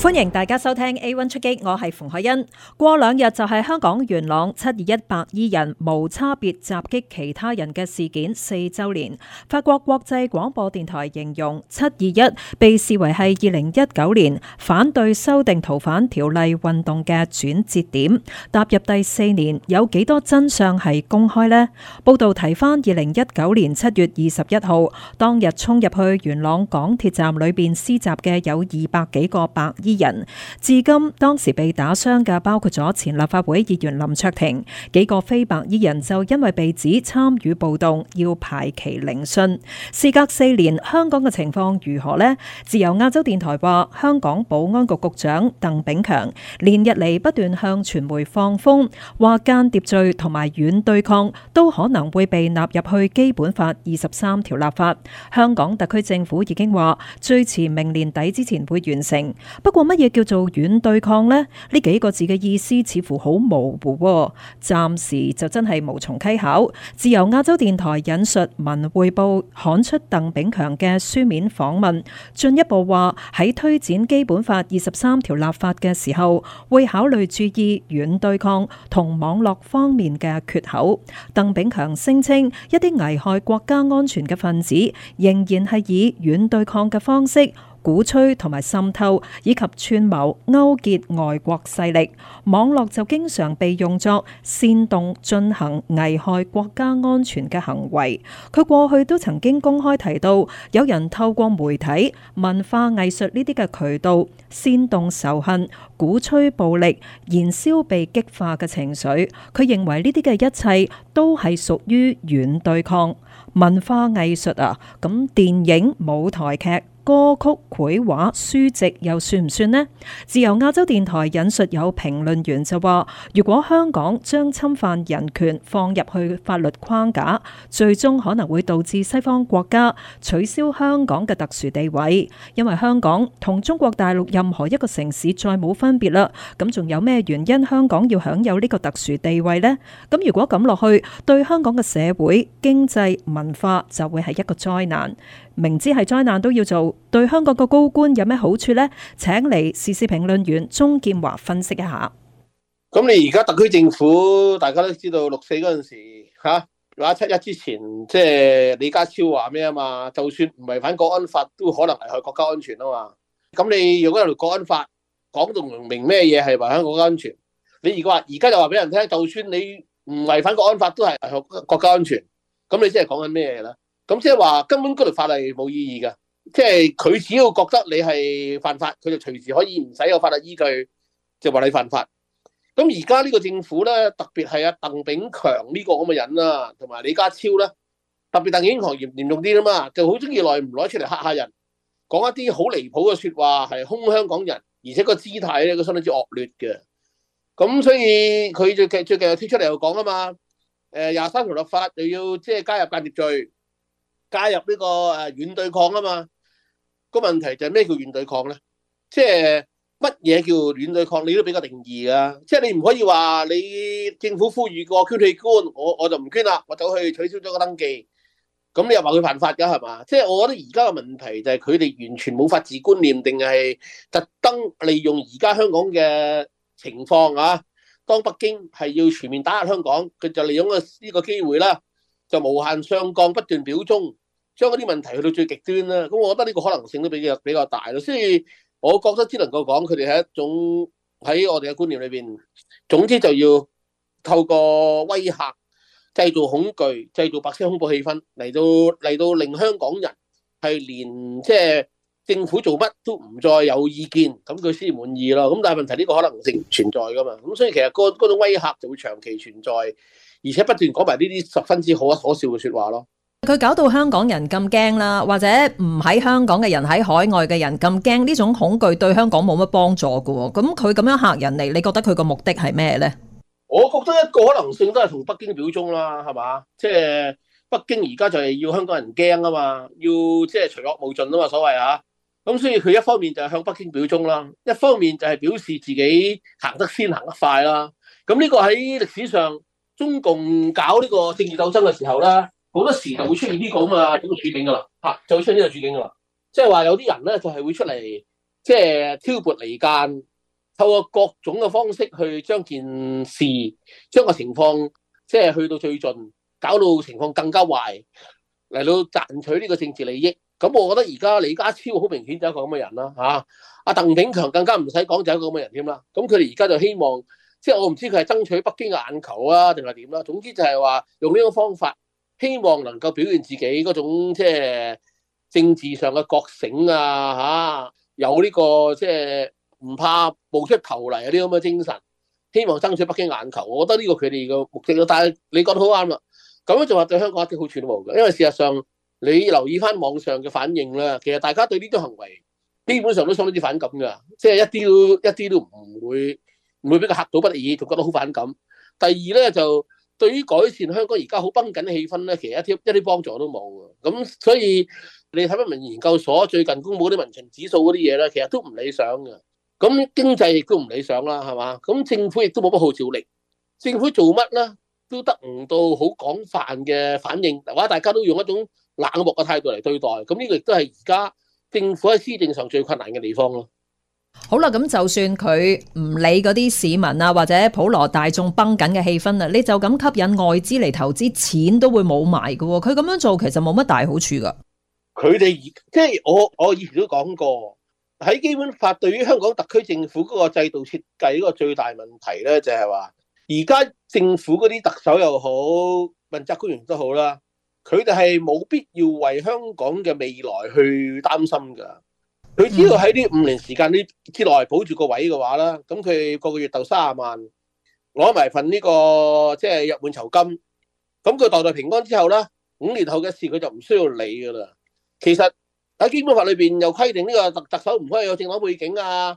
歡迎大家收聽 A1 出擊，我係馮凱欣。過兩日就係香港元朗七二一白衣人無差別襲擊其他人嘅事件四周年。法國國際廣播電台形容七二一被視為係二零一九年反對修訂逃犯條例運動嘅轉折點。踏入第四年，有幾多真相係公開呢？報道提翻二零一九年七月二十一號當日衝入去元朗港鐵站裏邊施襲嘅有二百幾個白衣。醫人至今，當時被打傷嘅包括咗前立法會議員林卓廷，幾個非白衣人就因為被指參與暴動，要排期聆訊。事隔四年，香港嘅情況如何呢？自由亞洲電台話，香港保安局局長鄧炳強連日嚟不斷向傳媒放風，話間諜罪同埋軟對抗都可能會被納入去基本法二十三條立法。香港特區政府已經話，最遲明年底之前會完成。不過。個乜嘢叫做軟對抗咧？呢幾個字嘅意思似乎好模糊，哦，暫時就真係無從稽考。自由亞洲電台引述文匯報刊出鄧炳強嘅書面訪問，進一步話喺推展基本法二十三條立法嘅時候，會考慮注意軟對抗同網絡方面嘅缺口。鄧炳強聲稱一啲危害國家安全嘅分子仍然係以軟對抗嘅方式。鼓吹同埋滲透，以及串謀勾結外國勢力，網絡就經常被用作煽動進行危害國家安全嘅行為。佢過去都曾經公開提到，有人透過媒體、文化藝術呢啲嘅渠道煽動仇恨、鼓吹暴力、燃燒被激化嘅情緒。佢認為呢啲嘅一切都係屬於軟對抗。文化藝術啊，咁電影、舞台劇。歌曲、繪畫、書籍又算唔算呢？自由亞洲電台引述有評論員就話，如果香港將侵犯人權放入去法律框架，最終可能會導致西方國家取消香港嘅特殊地位，因為香港同中國大陸任何一個城市再冇分別啦。咁仲有咩原因香港要享有呢個特殊地位呢？咁如果咁落去，對香港嘅社會、經濟、文化就會係一個災難。明知係災難都要做，對香港個高官有咩好處咧？請你時事評論員鍾劍華分析一下。咁你而家特區政府，大家都知道六四嗰陣時吓，或、啊、七一之前，即係李家超話咩啊嘛？就算唔違反國安法，都可能危害國家安全啦嘛。咁你如果條國安法講到唔明咩嘢係危害國家安全，你如果話而家就話俾人聽，就算你唔違反國安法，都係危害國家安全，咁你即係講緊咩嘢咧？咁即係話根本嗰條法例冇意義嘅，即係佢只要覺得你係犯法，佢就隨時可以唔使有法律依據就話你犯法。咁而家呢個政府咧，特別係阿鄧炳強呢個咁嘅人啊，同埋李家超咧，特別鄧炳強嚴嚴重啲啊嘛，就好中意耐唔耐出嚟嚇嚇人，講一啲好離譜嘅説話，係兇香港人，而且個姿態咧，佢相當之惡劣嘅。咁所以佢最近最近又推出嚟又講啊嘛，誒廿三條立法又要即係加入間諜罪。加入呢個誒軟對抗啊嘛，個問題就係咩叫軟對抗咧？即係乜嘢叫軟對抗？你都俾個定義啊！即係你唔可以話你政府呼籲過捐器官，我我就唔捐啦，我走去取消咗個登記，咁你又話佢犯法嘅係嘛？即係我覺得而家嘅問題就係佢哋完全冇法治觀念，定係特登利用而家香港嘅情況啊？當北京係要全面打壓香港，佢就利用個呢個機會啦。就無限上綱，不斷表忠，將嗰啲問題去到最極端啦。咁我覺得呢個可能性都比較比較大咯。所以，我覺得只能夠講，佢哋係一種喺我哋嘅觀念裏邊，總之就要透過威嚇、製造恐懼、製造白色恐怖氣氛，嚟到嚟到令香港人係連即係、就是、政府做乜都唔再有意見，咁佢先滿意咯。咁但係問題呢個可能性存在㗎嘛。咁所以其實嗰種威嚇就會長期存在。而且不斷講埋呢啲十分之可惡可笑嘅説話咯，佢搞到香港人咁驚啦，或者唔喺香港嘅人喺海外嘅人咁驚，呢種恐懼對香港冇乜幫助嘅喎。咁佢咁樣嚇人嚟，你覺得佢個目的係咩咧？我覺得一個可能性都係同北京表忠啦，係嘛？即係北京而家就係要香港人驚啊嘛，要即係除惡無盡啊嘛，所謂啊。咁所以佢一方面就係向北京表忠啦，一方面就係表示自己行得先行得快啦。咁呢個喺歷史上。中共搞呢個政治鬥爭嘅時候啦，好多時會就會出現呢個啊嘛呢個處境㗎啦，嚇就會出現個呢個處境㗎啦。即係話有啲人咧就係、是、會出嚟，即、就、係、是、挑撥離間，透過各種嘅方式去將件事、將個情況，即、就、係、是、去到最盡，搞到情況更加壞，嚟到賺取呢個政治利益。咁我覺得而家李家超好明顯就係一個咁嘅人啦，嚇、啊、阿鄧炳強更加唔使講就係一個咁嘅人添啦。咁佢哋而家就希望。即係我唔知佢係爭取北京嘅眼球啊，定係點啦？總之就係話用呢種方法，希望能夠表現自己嗰種即係政治上嘅覺醒啊，吓、啊、有呢、呢個即係唔怕冒出頭嚟啊呢咁嘅精神，希望爭取北京眼球。我覺得呢個佢哋嘅目的咯。但係你覺得好啱啊。咁樣就話對香港一啲好處都冇嘅，因為事實上你留意翻網上嘅反應啦，其實大家對呢種行為基本上都相當之反感噶，即係一啲都一啲都唔會。唔會俾佢嚇到不得已，就覺得好反感。第二咧，就對於改善香港而家好繃緊嘅氣氛咧，其實一啲一啲幫助都冇㗎。咁所以你睇翻民研究所最近公布啲民情指數嗰啲嘢咧，其實都唔理想嘅。咁經濟亦都唔理想啦，係嘛？咁政府亦都冇乜號召力。政府做乜咧，都得唔到好廣泛嘅反應，或者大家都用一種冷漠嘅態度嚟對待。咁呢個亦都係而家政府喺施政上最困難嘅地方咯。好啦，咁就算佢唔理嗰啲市民啊，或者普羅大眾繃緊嘅氣氛啊你就咁吸引外資嚟投資，錢都會冇埋噶喎。佢咁樣做其實冇乜大好處噶。佢哋即係我我以前都講過，喺基本法對於香港特區政府嗰個制度設計嗰個最大問題咧，就係話而家政府嗰啲特首又好，問責官員都好啦，佢哋係冇必要為香港嘅未來去擔心噶。佢只要喺呢五年時間呢之內保住個位嘅話啦，咁佢個個月到卅萬，攞埋份呢、呢個即係約滿酬金，咁佢代代平安之後啦，五年後嘅事佢就唔需要理噶啦。其實喺基本法裏邊又規定呢個特特首唔可以有政黨背景啊，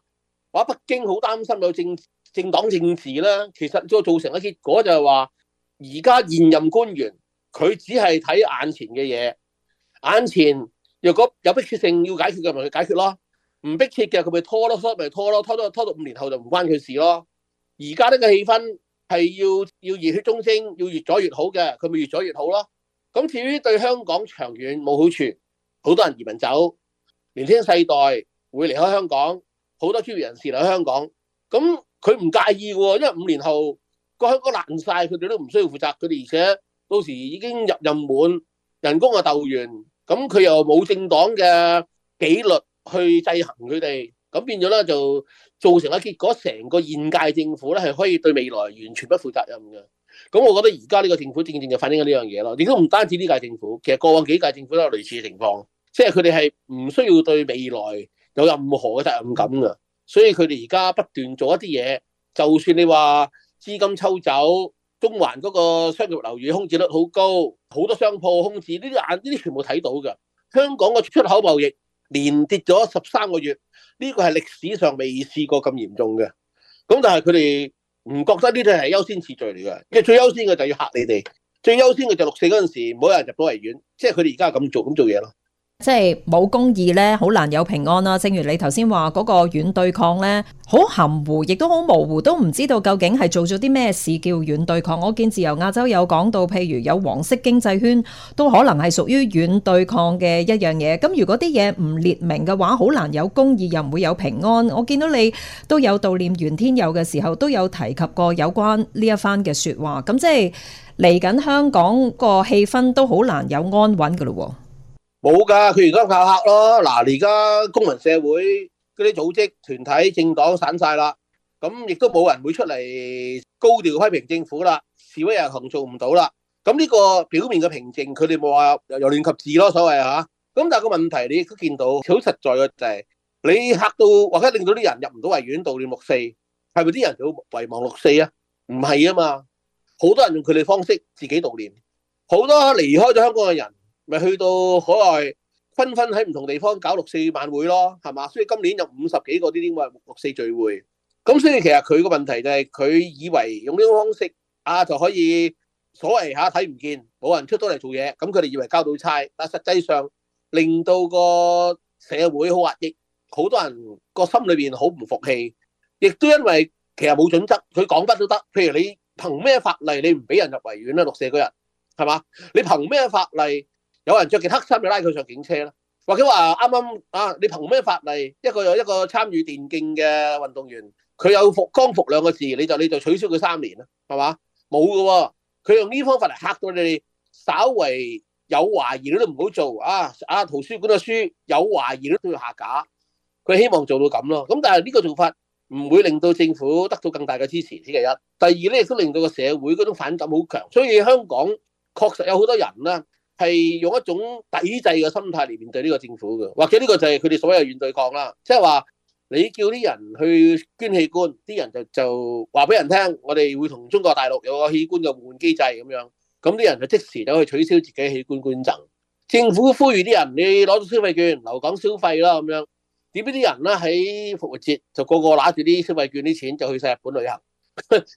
話北京好擔心有政政黨政治啦、啊。其實都造成嘅結果就係話，而家現任官員佢只係睇眼前嘅嘢，眼前。若果有迫切性要解決嘅，咪去解決咯；唔迫切嘅，佢咪拖咯，拖咪拖咯，拖到拖到五年後就唔關佢事咯。而家呢個氣氛係要要熱血中昇，要越左越好嘅，佢咪越左越好咯。咁至於對香港長遠冇好處，好多人移民走，年輕世代會離開香港，好多專業人士離開香港，咁佢唔介意嘅喎，因為五年後個香港爛晒，佢哋都唔需要負責，佢哋而且到時已經入任滿，人工嘅鬥完。咁佢又冇政黨嘅紀律去制衡佢哋，咁變咗咧就造成咗結果，成個現屆政府咧係可以對未來完全不負責任嘅。咁我覺得而家呢個政府正正就反映緊呢樣嘢咯。亦都唔單止呢屆政府，其實過往幾屆政府都有類似嘅情況，即係佢哋係唔需要對未來有任何嘅責任感㗎。所以佢哋而家不斷做一啲嘢，就算你話資金抽走。中環嗰個商業樓宇空置率好高，好多商鋪空置，呢啲眼呢啲全部睇到㗎。香港嘅出口貿易連跌咗十三個月，呢個係歷史上未試過咁嚴重嘅。咁但係佢哋唔覺得呢啲係優先次序嚟㗎，即係最優先嘅就要嚇你哋，最優先嘅就,先就六四嗰陣時冇人入到維園，即係佢哋而家咁做咁做嘢咯。即係冇公義呢，好難有平安啦。正如你頭先話嗰個軟對抗呢，好含糊，亦都好模糊，都唔知道究竟係做咗啲咩事叫軟對抗。我見自由亞洲有講到，譬如有黃色經濟圈，都可能係屬於軟對抗嘅一樣嘢。咁如果啲嘢唔列明嘅話，好難有公義，又唔會有平安。我見到你都有悼念袁天佑嘅時候，都有提及過有關呢一番嘅説話。咁即係嚟緊香港個氣氛都好難有安穩嘅嘞。冇噶，佢而家靠黑咯。嗱，而家公民社會嗰啲組織團體政黨散晒啦，咁亦都冇人會出嚟高調批評政府啦，示威遊行做唔到啦。咁呢個表面嘅平靜，佢哋冇話由亂及治咯，所謂吓。咁但係個問題，你亦都見到好實在嘅就係，你吓到或者令到啲人入唔到維園悼念六四，係咪啲人就遺忘六四啊？唔係啊嘛，好多人用佢哋方式自己悼念，好多離開咗香港嘅人。咪去到海外，紛紛喺唔同地方搞六四晚會咯，係嘛？所以今年有五十幾個呢啲咁嘅六四聚會。咁所以其實佢個問題就係，佢以為用呢種方式啊就可以所謂下睇唔見，冇人出到嚟做嘢，咁佢哋以為交到差，但實際上令到個社會好壓抑，好多人個心裏邊好唔服氣。亦都因為其實冇準則，佢講得都得。譬如你憑咩法例你唔俾人入維園啊？六四嗰日係嘛？你憑咩法例？有人着件黑衫就拉佢上警車啦。或者話啱啱啊，你憑咩法例？一個又一個參與電競嘅運動員，佢有服光復兩個字，你就你就取消佢三年啦，係嘛？冇㗎喎，佢用呢方法嚟嚇到你，稍為有懷疑你都唔好做啊啊！圖書館嘅書有懷疑都都要下架，佢希望做到咁咯。咁但係呢個做法唔會令到政府得到更大嘅支持，先其一，第二咧亦都令到個社會嗰種反感好強，所以香港確實有好多人啦。係用一種抵制嘅心態嚟面對呢個政府嘅，或者呢個就係佢哋所謂嘅軟對抗啦。即係話你叫啲人去捐器官，啲人就就話俾人聽，我哋會同中國大陸有個器官嘅互換機制咁樣，咁啲人就即時走去取消自己器官捐贈。政府呼籲啲人，你攞到消費券，留港消費啦咁樣，點知啲人咧喺復活節就個個拿住啲消費券啲錢就去晒日本旅行，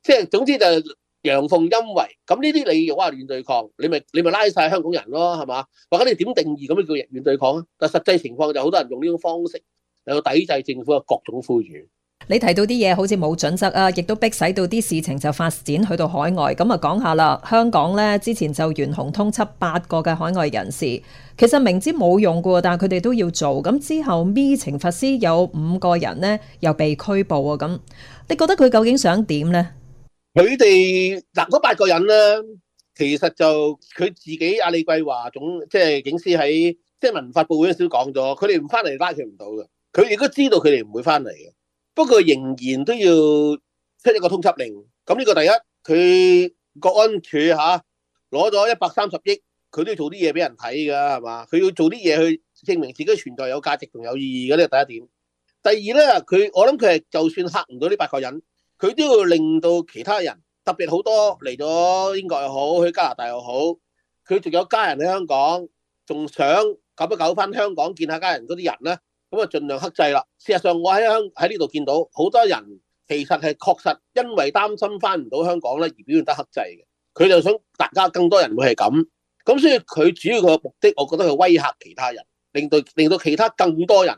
即係總之就是陽奉陰違，咁呢啲你又話軟對抗，你咪你咪拉晒香港人咯，係嘛？或者你點定義咁樣叫軟對抗啊？但實際情況就好多人用呢種方式嚟到抵制政府嘅各種呼籲。你提到啲嘢好似冇準則啊，亦都逼使到啲事情就發展去到海外。咁啊，講下啦，香港咧之前就懸紅通緝八個嘅海外人士，其實明知冇用噶，但係佢哋都要做。咁之後咪情法師有五個人呢又被拘捕啊，咁你覺得佢究竟想點呢？佢哋嗱嗰八個人咧，其實就佢自己阿李桂華總即係、就是、警司喺即係文發布會嗰陣時講咗，佢哋唔翻嚟拉佢唔到嘅。佢亦都知道佢哋唔會翻嚟嘅，不過仍然都要出一個通緝令。咁呢個第一，佢國安處吓攞咗一百三十億，佢、啊、都要做啲嘢俾人睇噶，係嘛？佢要做啲嘢去證明自己存在有價值同有意義嘅呢？這個、第一點，第二咧，佢我諗佢係就算嚇唔到呢八個人。佢都要令到其他人，特別好多嚟咗英國又好，去加拿大又好，佢仲有家人喺香港，仲想搞一搞翻香港見下家人嗰啲人咧，咁啊盡量克制啦。事實上我喺香喺呢度見到好多人，其實係確實因為擔心翻唔到香港咧，而表現得克制嘅。佢就想大家更多人會係咁，咁所以佢主要個目的，我覺得係威嚇其他人，令到令到其他更多人。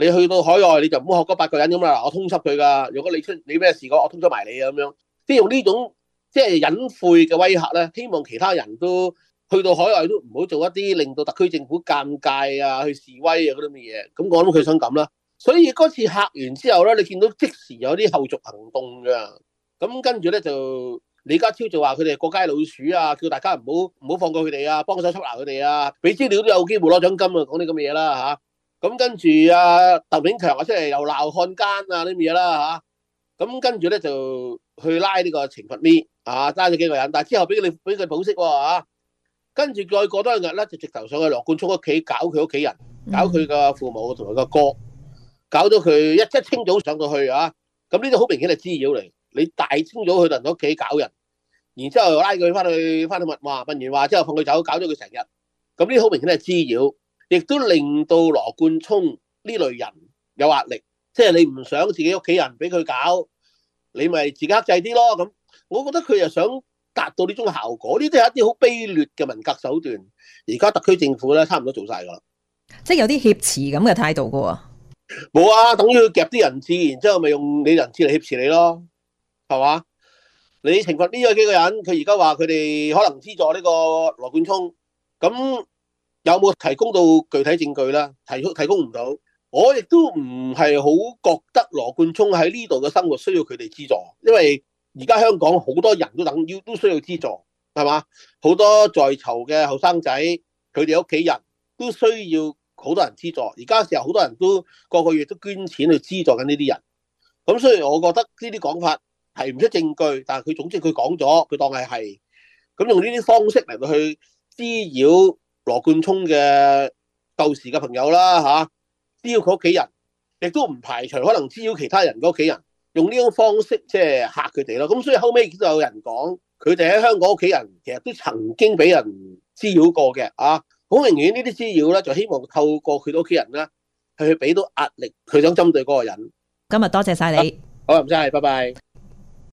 你去到海外你就唔好學嗰八個人咁啦，我通緝佢噶。如果你出你咩事嘅，我通緝埋你啊，咁樣即係用呢種即係隱晦嘅威嚇咧，希望其他人都去到海外都唔好做一啲令到特區政府尷尬啊，去示威啊嗰啲咁嘅嘢。咁講到佢想咁啦，所以嗰次吓完之後咧，你見到即時有啲後續行動噶，咁跟住咧就李家超就話佢哋係過街老鼠啊，叫大家唔好唔好放過佢哋啊，幫手緝拿佢哋啊，俾資料都有機會攞獎金啊，講啲咁嘅嘢啦，吓。咁跟住阿鄧炳強啊，出嚟又鬧漢奸啊啲嘢啦嚇，咁跟住咧就去拉呢個程富咪啊，揸咗幾個人，但係之後俾佢哋俾佢保釋喎，跟住再過多日咧就直頭上去羅冠聰屋企搞佢屋企人，搞佢個父母同佢個哥，搞到佢一一清早上到去啊，咁呢啲好明顯係滋擾嚟，你大清早去人屋企搞人，然之後拉佢翻去翻去問，哇問完話之後放佢走，搞咗佢成日，咁呢啲好明顯係滋擾。亦都令到羅冠聰呢類人有壓力，即係你唔想自己屋企人俾佢搞，你咪自己克制啲咯。咁，我覺得佢又想達到呢種效果，呢啲係一啲好卑劣嘅文革手段。而家特區政府咧，差唔多做晒噶啦，即係有啲挾持咁嘅態度噶喎。冇啊，等於佢夾啲人質，然之後咪用你人質嚟挾持你咯，係嘛？你懲罰呢個幾個人？佢而家話佢哋可能資助呢個羅冠聰咁。有冇提供到具體證據呢？提，提供唔到，我亦都唔係好覺得羅冠聰喺呢度嘅生活需要佢哋資助，因為而家香港好多人都等於都需要資助，係嘛？好多在囚嘅後生仔，佢哋屋企人都需要好多人資助。而家時候好多人都個個月都捐錢去資助緊呢啲人。咁雖然我覺得呢啲講法提唔出證據，但係佢總之佢講咗，佢當係係。咁用呢啲方式嚟到去滋擾。羅冠聰嘅舊時嘅朋友啦，吓滋擾佢屋企人，亦都唔排除可能滋擾其他人嘅屋企人，用呢種方式即係嚇佢哋咯。咁所以後尾都有人講，佢哋喺香港屋企人其實都曾經俾人滋擾過嘅啊。好明顯呢啲滋擾咧，就希望透過佢屋企人啦，去俾到壓力，佢想針對嗰個人。今日多謝晒你，啊、好唔該，拜拜。